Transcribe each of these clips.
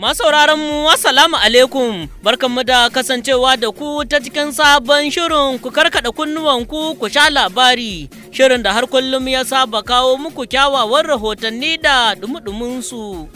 Masauraran mu Assalamu alaikum barkanmu da kasancewa da ku ta cikin sabon shirin ku karkada kunnuwanku ku sha labari shirin da har kullum ya saba kawo muku kyawawan rahotanni da dumudumin su.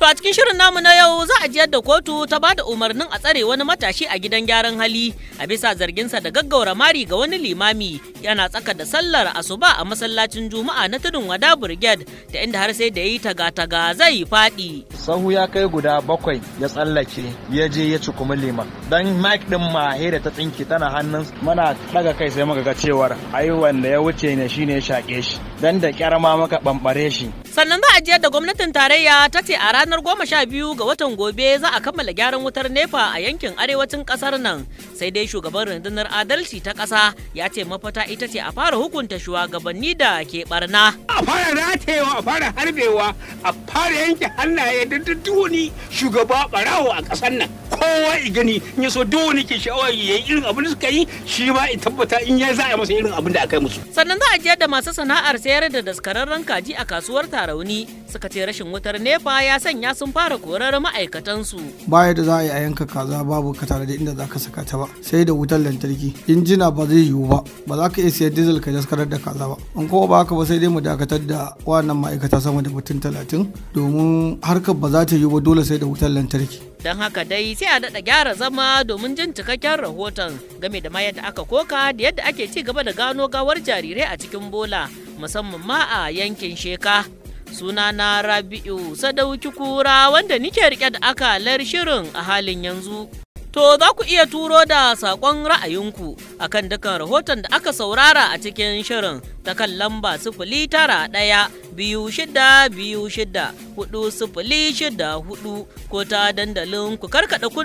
To a cikin shirin namu na yau za a ji yadda kotu ta ba da umarnin a tsare wani matashi a gidan gyaran hali a bisa zarginsa da gaggaura mari ga wani limami yana tsaka da sallar asuba a masallacin juma'a na tudun wada brigade da inda har sai da yi taga-taga zai faɗi. Sahu ya kai guda bakwai ya tsallake ya je ya ci kuma liman. Dan mic din ma da ta tsinki tana hannun mana daga kai sai muka ga cewar ai wanda ya wuce ne shine ya shake shi. don da kyar ma muka bambare shi. Sannan za a jiyar da gwamnatin tarayya ta ce a ranar goma sha biyu ga watan gobe za a kammala gyaran wutar nefa a yankin arewacin kasar nan. Sai dai shugaban rundunar adalci ta ƙasa ya ce mafata ita ce a fara hukunta shugabanni da ke barna. A fara ratewa, a fara harbewa, a fara yanke hannaye da duk shugaba barawo a ƙasar nan. kowa i gani in ya so dole ke sha'awa ya yi irin abin da suka yi shi ma ya tabbata in ya za a masa irin abin da aka yi musu. Sannan za a jiyar da masu sana'ar sai sayar da daskararren kaji a kasuwar tarauni suka ce rashin wutar nepa ya sanya sun fara korar ma'aikatansu. Baya da za a yi a yanka kaza babu ka tare da inda za ka saka ta ba sai da wutar lantarki injina ba zai yiwu ba ba za ka iya sayar dizal ka daskarar da kaza ba in kuma ba haka ba sai dai mu dakatar da wannan ma'aikata sama da mutum talatin domin harkar ba za ta yiwu ba dole sai da wutar lantarki. don haka dai sai a daɗa gyara zama domin jin cikakken rahoton game da ma yadda aka koka da yadda ake ci gaba da gano gawar jarirai a cikin bola musamman ma a yankin sheka suna na rabi'u sadauki kura wanda nike rike da akalar shirin a halin yanzu to za ku iya turo da saƙon ra'ayinku akan dukan rahoton da aka saurara a cikin shirin ta kan lamba sifili tara ɗaya biyu shida biyu shida hudu sifili shida hudu ko ta dandalin ku karkada ku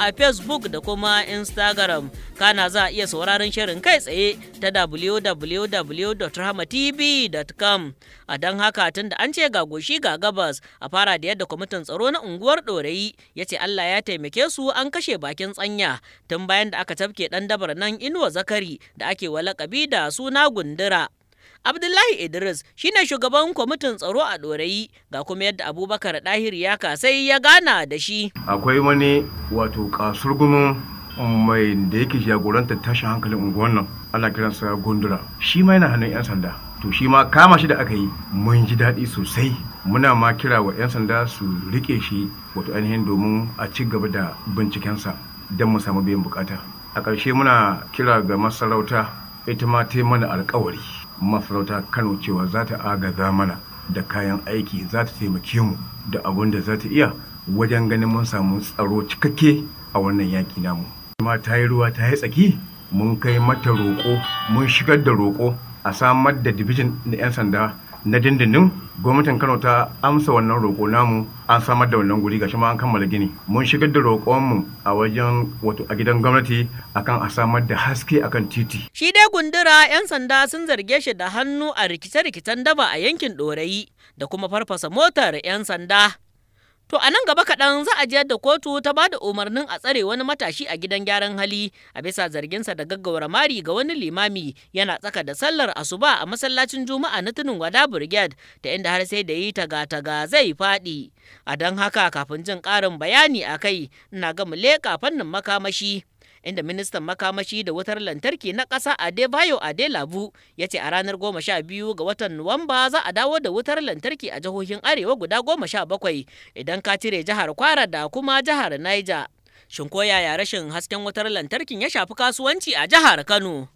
a facebook da kuma instagram kana za a iya sauraron shirin kai tsaye ta www.rahmatv.com a don haka tun da an ce ga goshi ga gabas a fara da yadda kwamitin tsaro na unguwar ɗorayi ya ce allah ya taimake su an kashe bakin tsanya tun bayan da aka tafke ɗan dabar nan inuwa zakari da ake walakabi da suna gundura Abdullahi Idris shine shugaban kwamitin tsaro a ɗorayi, ga kuma yadda Abubakar Dahir ya kasai ya gana da shi. Akwai wani wato kasurgumin um, mai da yake jagoranta tashin hankalin unguwan nan ana kiransa gundura shi ma yana hannun 'yan sanda to shi ma kama shi da aka yi mun ji daɗi sosai muna ma kira wa 'yan sanda su rike shi wato ainihin domin a ci gaba da bincikensa don mu samu biyan bukata a ƙarshe muna kira ga masarauta ita ma ta mana alkawari masarauta kano cewa za ta agaza mana da kayan aiki za ta taimake mu da abun da za ta iya wajen ganin mun samu tsaro cikakke a wannan yaƙi namu kuma ta yi ruwa ta yi tsaki mun kai mata roƙo mun shigar da roƙo a samar da dibijin na 'yan sanda na dindindin gwamnatin kano ta amsa wannan roƙo namu an samar da wannan guri gashi ma an kammala gini mun shigar da roƙonmu a wajen wato a gidan gwamnati akan a samar da haske akan titi shi dai gundura yan sanda sun zarge shi da hannu a rikice-rikicen daba a yankin ɗorayi da kuma farfasa motar yan sanda To a nan gaba kaɗan za a jiyar da kotu ta ba da umarnin a tsare wani matashi a gidan gyaran hali a bisa zarginsa da gaggawar mari ga wani limami yana tsaka da sallar asuba a masallacin juma'a na tunin wada brigade ta inda har sai da yi taga-taga zai faɗi. A don haka kafin jin ƙarin bayani a kai ina gama mu leƙa fannin makamashi inda ministan makamashi da wutar lantarki na ƙasa adebayo adelabu ya ce a ranar goma sha biyu ga watan nuwamba za a dawo da wutar lantarki a jihohin arewa guda goma sha bakwai idan ka cire jihar kwara da kuma jihar niger shin ko yaya rashin hasken wutar lantarkin ya shafi kasuwanci a jihar kano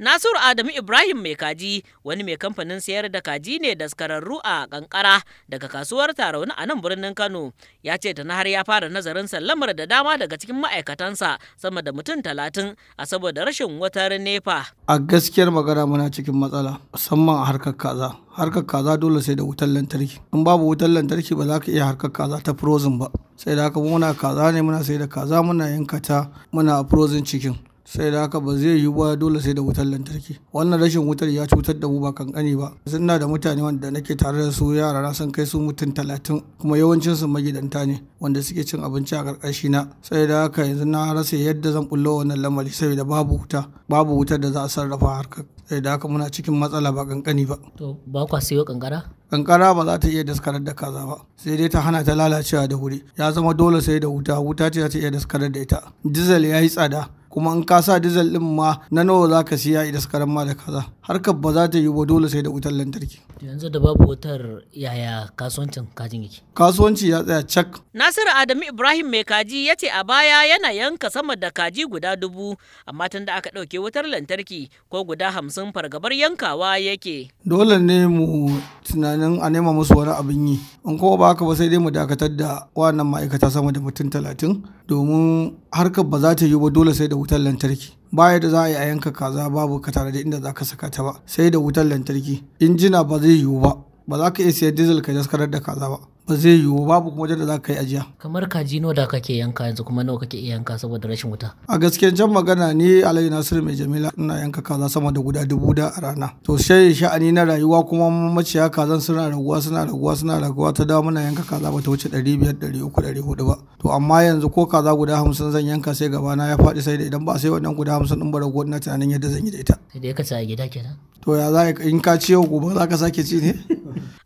Nasiru Adamu Ibrahim mai kaji wani mai kamfanin sayar da kaji ne da daskararru a kankara daga kasuwar Tarauni a nan birnin Kano ya ce ta har ya fara nazarin sallamar da dama daga cikin ma'aikatansa sama da mutum talatin a saboda rashin wutar nefa. A gaskiyar magana muna cikin matsala musamman a harkar kaza. Harkar kaza dole sai da wutar lantarki. In babu wutar lantarki ba za ka iya harkar kaza ta frozen ba. Sai da haka muna kaza ne muna sai da kaza muna yanka ta muna frozen cikin. sai da haka ba zai yiwu ba dole sai da wutar lantarki wannan rashin wutar ya cutar da mu ba kankani ba ina da mutane wanda nake tare da su yara na sun kai su mutum talatin kuma yawancin su magidanta ne wanda suke cin abinci a karkashi na sai da haka yanzu na rasa yadda zan bullo wannan lamari saboda babu wuta babu wutar da za a sarrafa harkar sai da haka muna cikin matsala ba kankani ba to ba kwa siyo kankara kankara ba za ta iya daskarar da kaza ba sai dai ta hana ta lalacewa da wuri ya zama dole sai da wuta wuta ce za ta iya daskarar da ita diesel ya yi tsada kuma in ka sa dizal din ma na nawa za ka siya idan suka ma da kaza harkar ba za ta yi ba dole sai da wutar lantarki yanzu da babu wutar yaya kasuwancin kajin yake kasuwanci ya tsaya cak nasiru adamu ibrahim mai kaji ya ce a baya yana yanka sama da kaji guda dubu amma tun da aka ɗauke wutar lantarki ko guda hamsin fargabar yankawa yake dole ne mu tunanin a nema musu wani abin yi in kuma ba haka ba sai dai mu dakatar da wannan ma'aikata sama da mutum talatin domin harkar ba za ta yiwu ba dole sai da wutar lantarki baya da za a yi a yanka kaza babu ka tare da inda za ka saka ta ba sai da wutar lantarki injina ba zai yiwu ba ba za ka iya siyan dizal ka daskarar da kaza ba ba zai yiwu babu kuma da za ka yi ajiya. Kamar kaji nawa da kake yanka yanzu kuma nawa kake iya yanka saboda rashin wuta. A gaske can magana ni Alayi Nasir mai Jamila ina yanka kaza sama da guda dubu da a rana. To sai sha'ani na rayuwa kuma maciya kazan suna raguwa suna raguwa suna raguwa ta dawo muna yanka kaza ba ta wuce ɗari biyar ɗari uku ɗari hudu ba. To amma yanzu ko kaza guda hamsin zan yanka sai gaba na ya faɗi sai da idan ba sai wannan guda hamsin ɗin ba raguwa na tunanin yadda zan yi da ita. Sai da ya ci a gida kenan. To ya za in ka ciwo gobe za ka sake ci ne?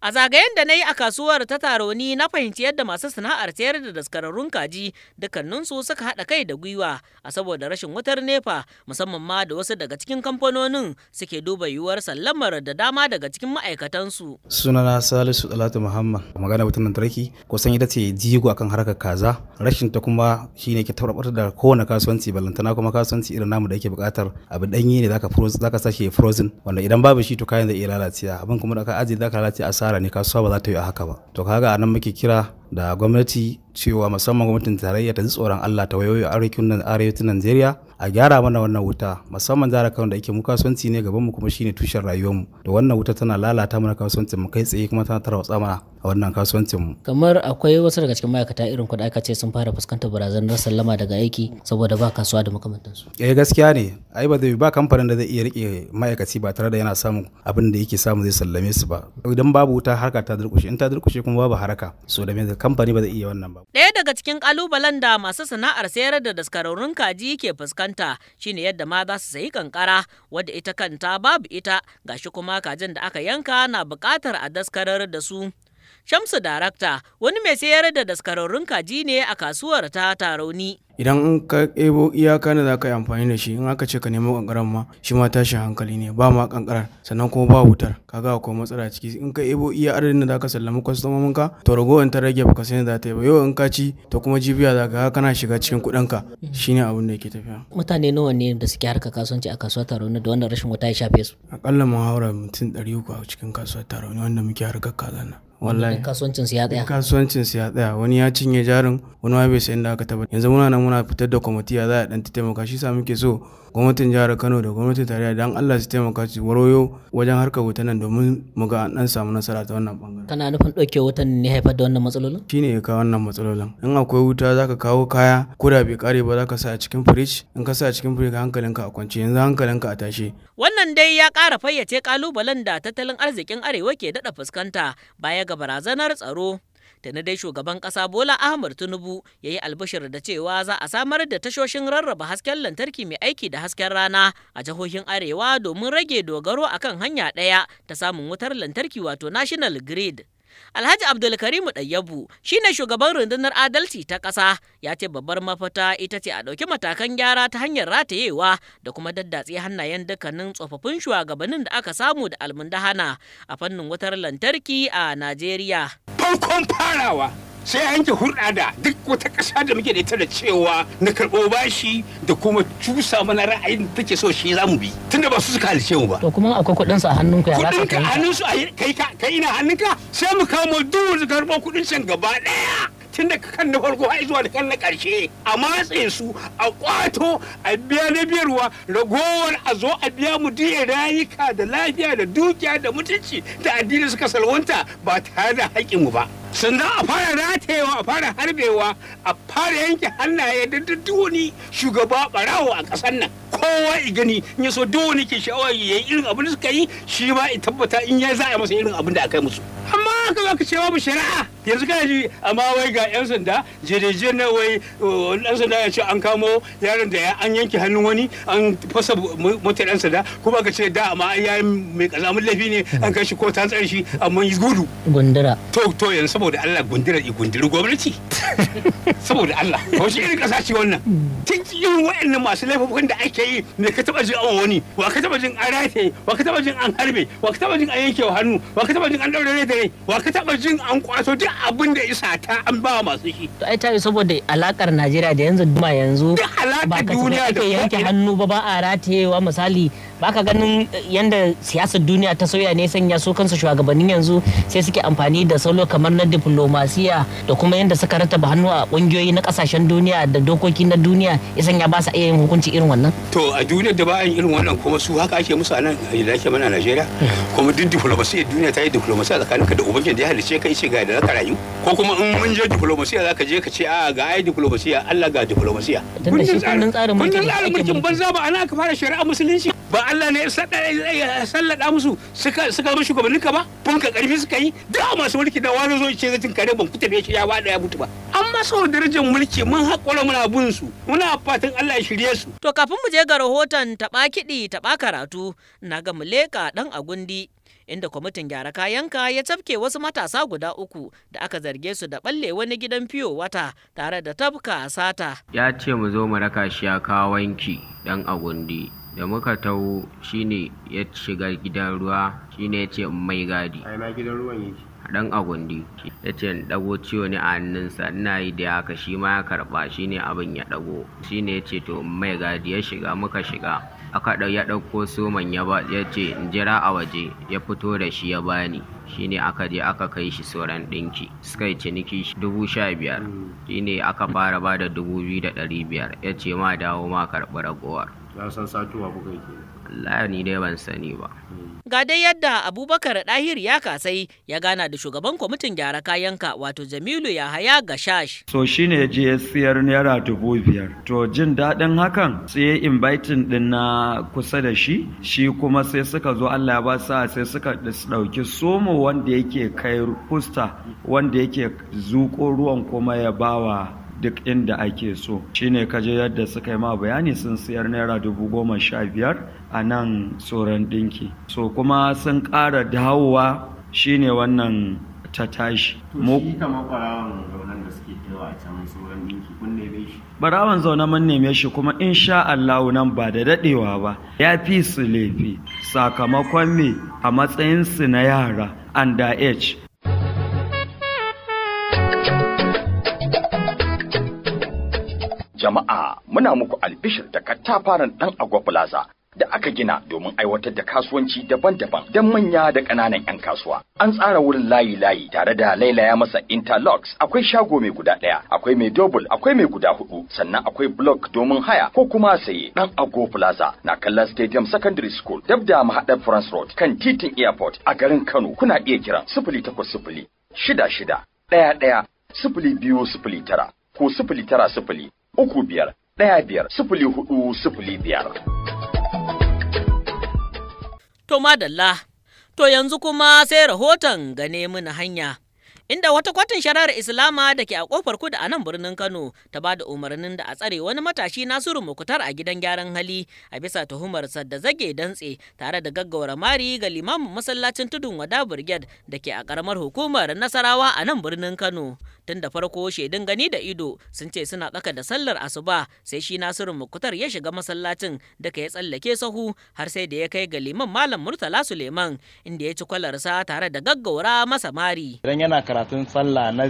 A zagayen da na yi a kasuwar ta taro rauni na fahimci yadda masu sana'ar sayar da daskararrun kaji dukkaninsu suka haɗa kai da gwiwa a saboda rashin wutar nefa musamman ma da wasu daga cikin kamfanonin suke duba yiwuwar sallamar da dama daga cikin ma'aikatansu. sunana salisu talatu muhammad magana wutar lantarki kusan ita ce jigo akan harkar kaza rashin ta kuma shine ke tabbatar da kowane kasuwanci ballantana kuma kasuwanci irin namu da yake buƙatar abu danyi ne zaka frozen zaka sashi frozen wanda idan babu shi to kayan zai iya lalacewa abin kuma da ka ajiye zaka lalace asara ne kasuwa ba za ta yi a haka ba to kaga nan muke kira da gwamnati cewa musamman gwamnatin tarayya ta ji tsoron Allah ta wayoyi arewacin Najeriya a gyara mana wannan wuta musamman zara kan da yake mu kasuwanci ne gaban mu kuma shine tushen rayuwar mu da wannan wuta tana lalata mana kasuwancin mu kai tsaye kuma tana tarwatsa mana a wannan kasuwancin mu kamar akwai wasu daga cikin ma'aikata irin ku aka ce sun fara fuskantar barazanar sallama daga aiki saboda ba kasuwa da makamantansu eh gaskiya ne ai ba zai ba kamfanin da zai iya rike ma'aikaci ba tare da yana samun abin da yake samu zai sallame su ba idan babu wuta harka ta durkushe in ta durkushe kuma babu haraka so da me kamfani ba zai iya wannan ba ɗaya daga cikin kalubalen da masu sana'ar sayar da daskararrun kaji ke fuskanta shine yadda ma za su sayi kankara wadda ita kanta babu ita gashi kuma kajin da aka yanka na buƙatar a daskarar da su Shamsu Darakta wani mai sayar da daskararrun kaji ne a kasuwar ta Tarauni idan ka ebo iyaka ne za ka yi amfani da shi in aka ce ka nemo ƙanƙarar ma shi ma tashin hankali ne ba ma ƙanƙarar sannan kuma ba wutar ka ga akwai matsala ciki in ka ebo iya adadin da za ka sallami kwastomomin ka to in ta rage baka sani za ta yi ba yau in ka ci to kuma jibiya za ka kana shiga cikin kuɗin ka ne abin da yake tafiya. mutane nawa ne da suke harka kasuwanci a kasuwar tarauni da wannan rashin wuta ya shafe su. aƙalla mun haura mutum ɗari uku a cikin kasuwar tarauni wanda muke harkar kazana. wallahi kasuwancin su ya tsaya kasuwancin su ya tsaya wani ya cinye jarin wani ma bai sayan da aka taba yanzu muna nan muna fitar da kwamiti za a ɗan taimaka shi sa muke so gwamnatin jihar kano da gwamnatin tarayya don allah su taimaka su waroyo wajen harkar wuta nan domin mu ga an samu nasara ta wannan bangaren kana nufin ɗauke wutan ne haifar da wannan matsalolin shine ya kawo wannan matsalolin in akwai wuta zaka kawo kaya ko da bai kare ba zaka sa a cikin firij in ka sa a cikin firij hankalinka a kwance yanzu hankalinka a tashe wannan dai ya ƙara fayyace kalubalen da tattalin arzikin arewa ke daɗa fuskanta baya ga barazanar tsaro na dai shugaban ƙasa bola ahmad tinubu ya yi albashir da cewa za a samar da tashoshin rarraba hasken lantarki mai aiki da hasken rana a jihohin arewa domin rage dogaro akan hanya ɗaya ta samun wutar lantarki wato national grid Alhaji Abdulkarimu Ɗayyabu ne shugaban rundunar adalci ta ƙasa ya ce babbar mafata ita ce a ɗauki matakan gyara ta hanyar ratayewa da kuma daddatse hannayen dukkanin tsofaffin shugabannin da aka samu da almundahana a fannin wutar lantarki a Najeriya. Farkon farawa sai an yanke hulɗa da duk wata ƙasa da muke da ita da cewa na karɓo bashi da kuma cusa mana ra'ayin da take so shi za mu bi tunda ba su suka halice mu ba. To kuma akwai kuɗin su a hannun ku ya za ka kai. Kuɗin su kai ka kai ina hannun ka sai mu kamo duk wanda karɓo kuɗin can gaba ɗaya. Tun da kan na farko har zuwa da kan na ƙarshe a matse su a ƙwato a biya na biyarwa ragowar a zo a biya mu diya rayuka da lafiya da dukiya da mutunci da addini suka salwanta ba tare da haƙƙinmu ba. za a fara ratewa a fara harbewa a fara yanke hannaye da duk wani shugaba barawo a ƙasar nan kowa i gani in so duk wani ke sha'awar ya yi irin abin da suka yi shi ma i tabbata in ya za a masa irin abin da aka yi musu. amma ka za ka cewa mu shari'a yanzu kana ji amma wai ga yan sanda jirage na wai dan sanda ya ce an kamo yaron da an yanke hannun wani an fasa motar yan sanda kuma ka ce da amma yayin mai kazamin laifi ne an kai shi ko ta tsare shi amma yi gudu gundura to to yanzu saboda Allah gundura i gunduri gwamnati saboda Allah ko shi irin kasa ce wannan tun irin waɗannan masu laifukan da ake yi ne ka taba jin awon wani wa ka taba jin an wa ka taba jin an harbe wa ka taba jin an yankewa hannu wa ka taba jin an daure gare wa ka taba jin an kwaso duk abin da isa ta an ba masu shi to ai tayi saboda alakar Najeriya da yanzu duma yanzu ba ka duniya da yanke hannu ba ba a ratayewa misali ba ka ganin eh, yadda siyasar duniya ta sauya ne sanya su kansu shugabannin yanzu sai suke amfani da salo kamar na diplomasiya da kuma yadda suka rataba hannu a kungiyoyi na kasashen duniya da dokoki na duniya ya sanya ba su iya yin hukunci irin wannan to a duniyar da ba yin irin wannan kuma su haka ake musu a nan da ake mana Najeriya hmm. kuma duk diplomasiya duniya ta yi diplomasiya tsakanin ka da ubangiji da ya halice ka ce ga da zaka rayu ko kuma in mun je diplomasiya zaka je ka ce a ga ai diplomasiya Allah ga diplomasiya kundin tsarin mulkin banza ba ana ka fara shari'a musulunci ba Allah ne ya sallada musu suka suka rushe ka ba fanka karfi suka yi da masu mulki da wani zo ce zatin kare ban fita bai ya bada ya mutu ba amma saboda darajar mulki mun haƙura muna bin su muna fatan Allah ya shirye su to kafin mu je ga rahoton taba kidi taba karatu na ga mu leka dan agundi inda kwamitin gyara kayan ka ya tafke wasu matasa guda uku da aka zarge su da balle wani gidan fiyo wata tare da tafka sata. Ya ce mu zo mu raka shi ya kawo wanki dan agundi da muka taho shine ya shiga gidan ruwa shine ya ce mai gadi a ina gidan ruwan yake dan agundi ya ce in dago ciwo ne a hannunsa ina yi da haka shi ma ya karba ne abin ya dago shine ya ce to mai gadi ya shiga muka shiga aka ɗau ya ɗauko soman ya ba ya ce jira a waje ya fito da shi ya bani shine aka je aka kai shi sauran ɗinki suka yi ciniki dubu sha biyar hmm. shine aka fara ba da dubu biyu da ɗari biyar ya ce ma dawo ma karɓi ragowar na san satuwa yake Allah ni dai ban sani ba ga dai yadda abubakar dahir ya kasai ya gana da shugaban kwamitin gyara kayanka wato jamilu ya haya ga shash so shine ya je ya siyar naira dubu biyar to jin daɗin hakan sai ya inviting din na kusa da shi shi kuma sai suka zo allah ya ba sa sai suka ɗauki somo wanda yake kai fusta wanda yake zuƙo ruwan kuma ya bawa duk inda ake so shine kaje yadda suka yi ma bayani sun siyar naira dubu goma sha biyar a nan tsoron ɗinki so kuma sun ƙara dawowa shine wannan ta tashi. To shi kama ɓarawan zaunan da suke tewa a can tsoron ɗinki kun neme shi? Ɓarawan zaunan mun neme shi kuma sha Allah nan ba da daɗewa ba ya fi su laifi sakamakon me a matsayin su na yara under age Jama'a muna muku albishir da katafaren ɗan Agwa Plaza da aka gina domin aiwatar da kasuwanci daban-daban don manya da ƙananan 'yan kasuwa. An tsara wurin layi-layi tare da lailaya masa interlocks akwai shago mai guda ɗaya, akwai mai double, akwai mai guda hudu, sannan akwai block domin haya ko kuma saye ɗan Ago Plaza na kallon Stadium Secondary School dab da mahaɗar France Road kan titin airport a garin Kano kuna iya kiran sifili takwas sifili shida shida ɗaya ɗaya sifili biyu sifili tara ko sifili tara sifili uku biyar ɗaya biyar sifili hudu sifili biyar. To madalla, to yanzu kuma sai rahoton gane mini hanya. Inda wata kwatin shari'ar Islama da ke a kofar kudu a nan birnin Kano ta ba da umarnin da a tsare wani matashi Nasiru Mukutar a gidan gyaran hali a bisa tuhumarsa da zage dantse tare da gaggawar mari ga limamin masallacin tudun wada Brigade da ke a karamar hukumar Nasarawa a nan birnin Kano. tun da farko shaidun gani da ido sun ce suna tsaka da sallar asuba sai shi nasiru mukutar ya shiga masallacin da ka ya tsallake sahu har sai da ya kai ga liman malam murtala suleiman inda ya ci kwalarsa tare da gaggaura masa mari idan yana karatun sallah na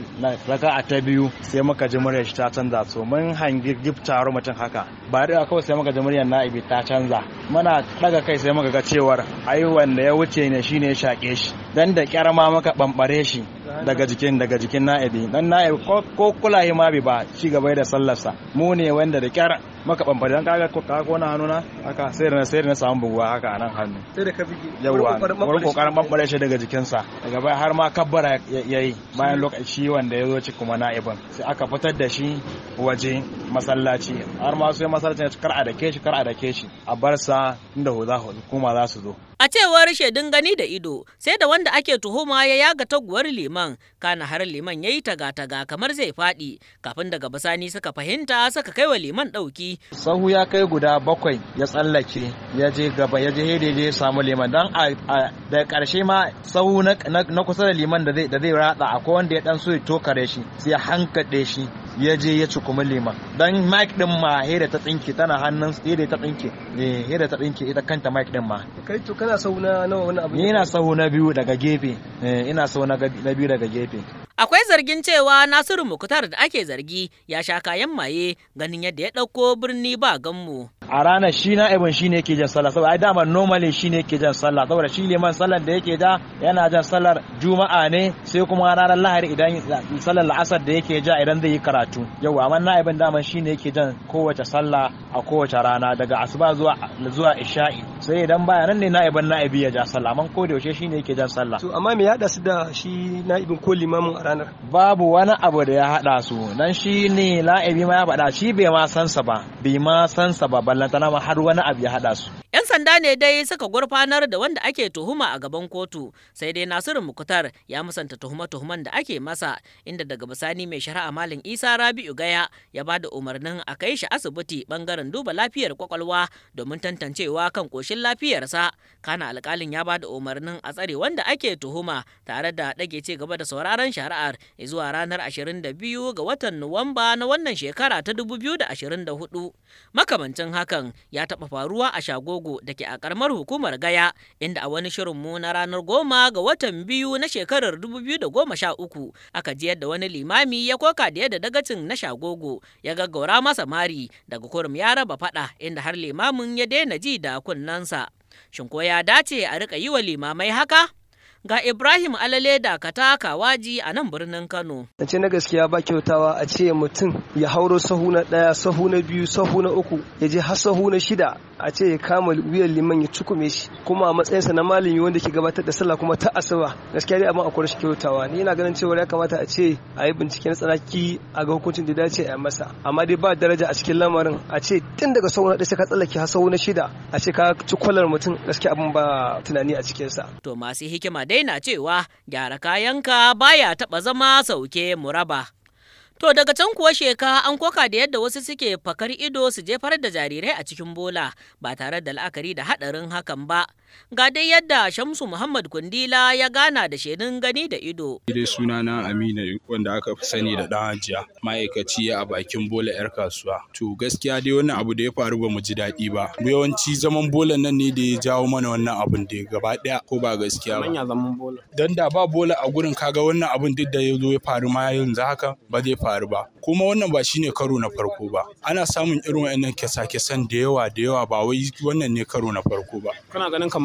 raka'a ta biyu sai muka ji muryar ta canza so mun hangi giftaru mutum haka ba da kawai sai muka ji muryar na'ibi ta canza muna daga kai sai muka ga cewar ai wanda ya wuce ne shine ya shaƙe shi dan da kyar ma muka bambare shi daga jikin daga jikin na'ibi dan na'ibi ko kulaye ma bi ba shi gaba da sallarsa mu ne wanda da kyar maka bambari dan kaga ko ka kona hannuna aka sai da sai da na samu buguwa haka anan hannu sai da ka bige yawa wurin kokarin bambare shi daga jikinsa daga bai har ma kabbara yayi bayan lokaci wanda ya ci kuma na'ibin sai aka fitar da shi waje masallaci har ma sai masallacin kar a dake shi kar a dake shi a bar sa inda hoza za su zo A cewar shaidun gani da ido, sai da wanda ake tuhuma ya yaga taguwar liman, kana har liman ya yi taga-taga kamar zai faɗi, kafin daga basani suka fahimta suka kai wa liman ɗauki. Sahu ya kai guda bakwai ya tsallake, ya je gaba, ya je hede samu liman, don a da ƙarshe ma sahu na kusa da liman da zai ratsa akwai wanda ya ɗan so ya tokare shi, sai ya hankaɗe shi, ya je ya ci kuma liman dan mic din ma da ta tsinke tana hannun da ta tsinke eh da ta tsinke ita kanta mic din ma kai to kana sauna nawa wani abu ina sauna biyu daga gefe eh ina sauna na biyu daga gefe Akwai zargin cewa Nasiru Mukhtar da ake zargi ya sha kayan maye ganin yadda ya ɗauko birni ba ganmu. A ranar shi na ibin shi ne ke jan sallah saboda ai dama normally shi ne ke jan sallah saboda shi liman sallar da yake ja yana jan sallar juma'a ne sai kuma ranar lahari idan sallar la'asar da yake ja idan zai yi karatu. Yau amma na ibin daman shi ne ke jan kowace sallah a kowace rana daga asuba zuwa zuwa isha'i sai idan baya nan ne na ibin na ibi ya ja sallah amma ko da yaushe shi ne yake jan sallah. To amma me ya haɗa su da shi na ibin ko limamin babu wani abu da ya hada su dan shi ne la'ibi ma ya faɗa shi bai ma sansa ba bai ma sansa ba ballantana ma har wani abu ya hada su 'Yan sanda ne dai suka gurfanar da wanda ake tuhuma a gaban kotu, sai dai Nasiru Mukutar ya musanta tuhuma-tuhuman da ake masa, inda daga bisani mai shari'a Malam Isa Rabi'u Gaya ya ba da umarnin a kai shi asibiti bangaren duba lafiyar kwakwalwa domin tantancewa kan koshin lafiyarsa. Kana alkalin ya ba da umarnin a tsare wanda ake tuhuma tare da ɗage ce gaba da sauraron shari'ar zuwa ranar 22 ga watan Nuwamba na wannan shekara ta 2024. Makamancin hakan ya taɓa faruwa a shagogo da ke a karamar hukumar Gaya inda a wani shirin mu na ranar goma ga watan biyu na shekarar 2013 aka ji yadda wani limami ya koka da yadda dagacin na shagogo ya gaggaura masa mari daga kurum ya raba fada inda har limamin ya daina ji da kunnansa. Shin ko ya dace a rika yi wa limamai haka? Ga Ibrahim Alale da Kataka Waji a nan birnin Kano. ce na gaskiya ba kyautawa a ce mutum ya hauro sahu na ɗaya, sahu na biyu, sahu na uku, ya je har sahu na shida a ce ya kama wuyan liman ya cukume shi kuma a matsayinsa na malami wanda ke gabatar da sallah kuma ta asuba gaskiya dai abin a rashin kyautawa ni ina ganin cewa ya kamata a ce a yi bincike na tsanaki a ga hukuncin da dace a masa amma dai ba daraja a cikin lamarin a ce tun daga sahu na ɗaya ka tsallake har sahu na shida a ce ka ci kwalar mutum gaskiya abin ba tunani a cikinsa. to masu hikima dai daina na cewa gyara kayanka baya taɓa zama sauke muraba. To daga can kuwa sheka an koka da yadda wasu suke fakar ido su jefar da jarirai a cikin bola ba tare da la'akari da haɗarin hakan ba. Ga dai yadda Shamsu Muhammad Kundila ya gana da shaidun gani da ido. Dai sunana Aminu wanda aka fi sani da ɗan ajiya. ma'aikaci a bakin bola 'yar kasuwa. To gaskiya dai wannan abu da ya faru ba mu ji daɗi ba. Yawanci zaman bola nan ne da ya jawo mana wannan abun da gaba ɗaya ko ba gaskiya ba. Manya bola. da ba bola a gurin kaga wannan abun duk da ya zo ya faru ma yanzu haka ba zai faru ba. Kuma wannan ba shine karo na farko ba. Ana samun irin wa'annan kyasa-kyasan da yawa da yawa ba wai wannan ne karo na farko ba.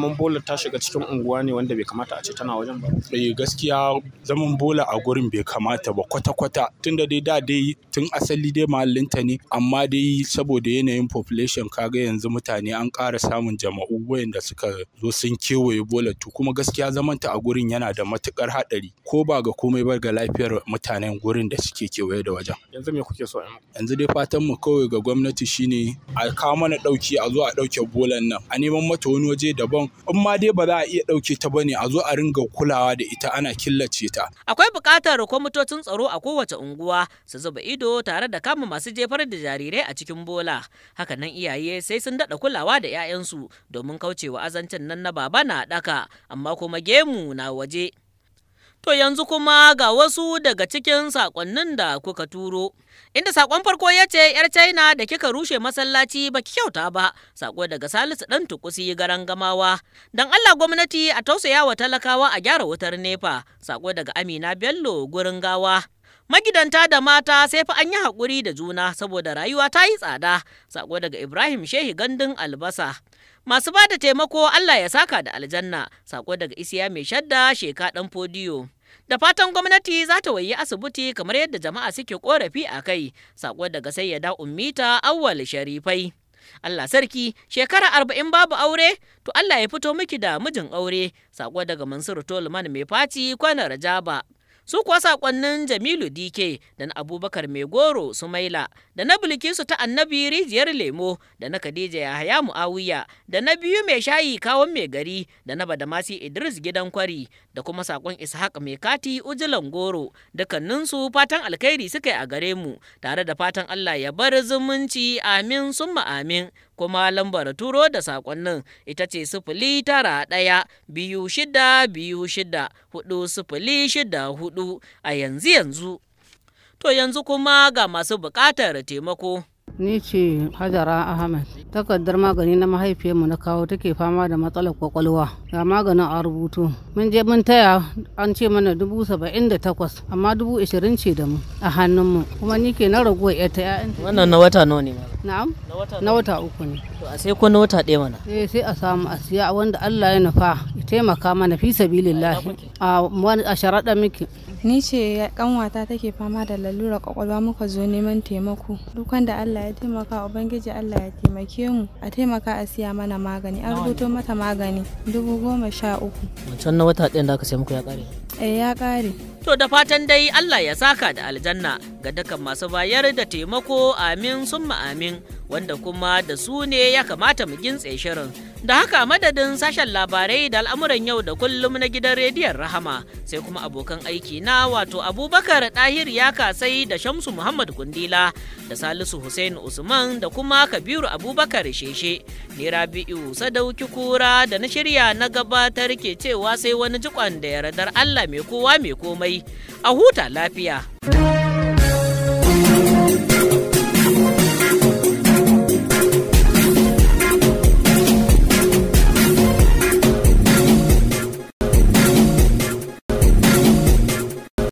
zaman bola ta shiga cikin unguwa ne wanda bai kamata a ce tana wajen ba eh gaskiya zaman bola a gurin bai kamata ba kwata kwata tunda dai da dai tun asali dai mahallinta ne amma dai saboda yanayin population kaga yanzu mutane an ƙara samun jama'u wayanda suka zo sun kewaye bola to kuma gaskiya zaman ta a gurin yana da matukar hadari ko ba ga komai ba ga lafiyar mutanen gurin da suke kewaye da wajen yanzu me kuke so yanzu dai fatan mu kawai ga gwamnati shine a kawo mana dauki a zo a dauke bolan nan a neman mata wani waje daban in ma dai ba za a iya ɗauke ta bane a zo a ringa kulawa da ita ana killace ta. Akwai buƙatar kwamitocin tsaro a kowace unguwa su zuba ido tare da kama masu jefar da jarirai a cikin bola. Hakanan iyaye sai sun daɗa kulawa da 'ya'yansu domin kaucewa azancin nan na baba na ɗaka amma kuma gemu na waje. To yanzu kuma ga wasu daga cikin sakonnin da kuka turo. Inda sakon farko ya ce ‘yar China da kika rushe masallaci ba ki kyauta ba, sako daga Salisu ɗan tukusi garan gamawa. Don Allah gwamnati a tausaya wa talakawa a gyara wutar nefa, sako daga Amina Bello gurin gawa. Magidanta da mata sai fa an yi haƙuri da juna saboda rayuwa ta yi tsada, sako daga Ibrahim Shehi Gandun Albasa. masu ba da taimako Allah ya saka da aljanna sako daga isiya mai shadda sheka dan fodiyo da fatan gwamnati za ta wayi asibiti kamar yadda jama'a suke korafi a kai sako daga sayyada ummita awwal sharifai Allah sarki shekara arba'in babu aure to Allah ya fito miki da mijin aure sako daga Mansur Tolman mai faci kwanar Jaba su kuwa sakonnin jamilu dike da na abubakar mai goro sumaila da na bilkisu ta annabi rijiyar lemo da na khadija yahaya muawiya da na biyu mai shayi kawon mai gari da na badamasi idris gidan kwari da kuma saƙon ishaq mai kati ujilan goro dukkaninsu fatan alkhairi suka yi a gare mu tare da fatan allah ya bar zumunci amin summa amin kuma lambar turo da sakonnin ita ce sifili tara ɗaya biyu shida biyu shida hudu sifili shida hudu a yanzu yanzu. To yanzu kuma ga masu buƙatar taimako. Ni ce Hajara Ahmed. Takardar magani na mahaifiyarmu na kawo take fama da matsalar kwakwalwa. Ga maganin a rubutu. Mun je mun taya an ce mana dubu saba'in da takwas amma dubu ashirin ce da mu a hannunmu. Kuma ni ke na raguwa 'yarta 'ya'yan. Wannan na wata nawa ne ma? na'am na wata uku ne to a sai ko na wata ɗaya mana eh sai a samu a siya wanda Allah ya nufa ya taimaka mana fi sabilillah a wani a sharaɗa miki ni ce kanwata take fama da lalura kwakwalwa muka zo neman taimako duk wanda Allah ya taimaka ubangiji Allah ya taimake mu a taimaka a siya mana magani an rubuto mata magani dubu goma sha uku wancan na wata ɗaya da aka sai muku ya ƙare Eh ya kare. To da fatan dai Allah ya saka da aljanna ga dukan masu bayar da taimako amin sun amin wanda kuma da su ne ya kamata mu gintse shirin. Da haka madadin sashen labarai da al'amuran yau da kullum na gidan rediyon Rahama sai kuma abokan aiki na wato Abubakar Ɗahir ya kasai da Shamsu Muhammad Gundila da Salisu Hussein Usman da kuma Kabiru Abubakar Sheshe. Ni Rabi'u Sadauki Kura da na shirya na gabatar ke cewa sai wani jikon da yardar Allah Allah mai kowa mai komai a huta lafiya.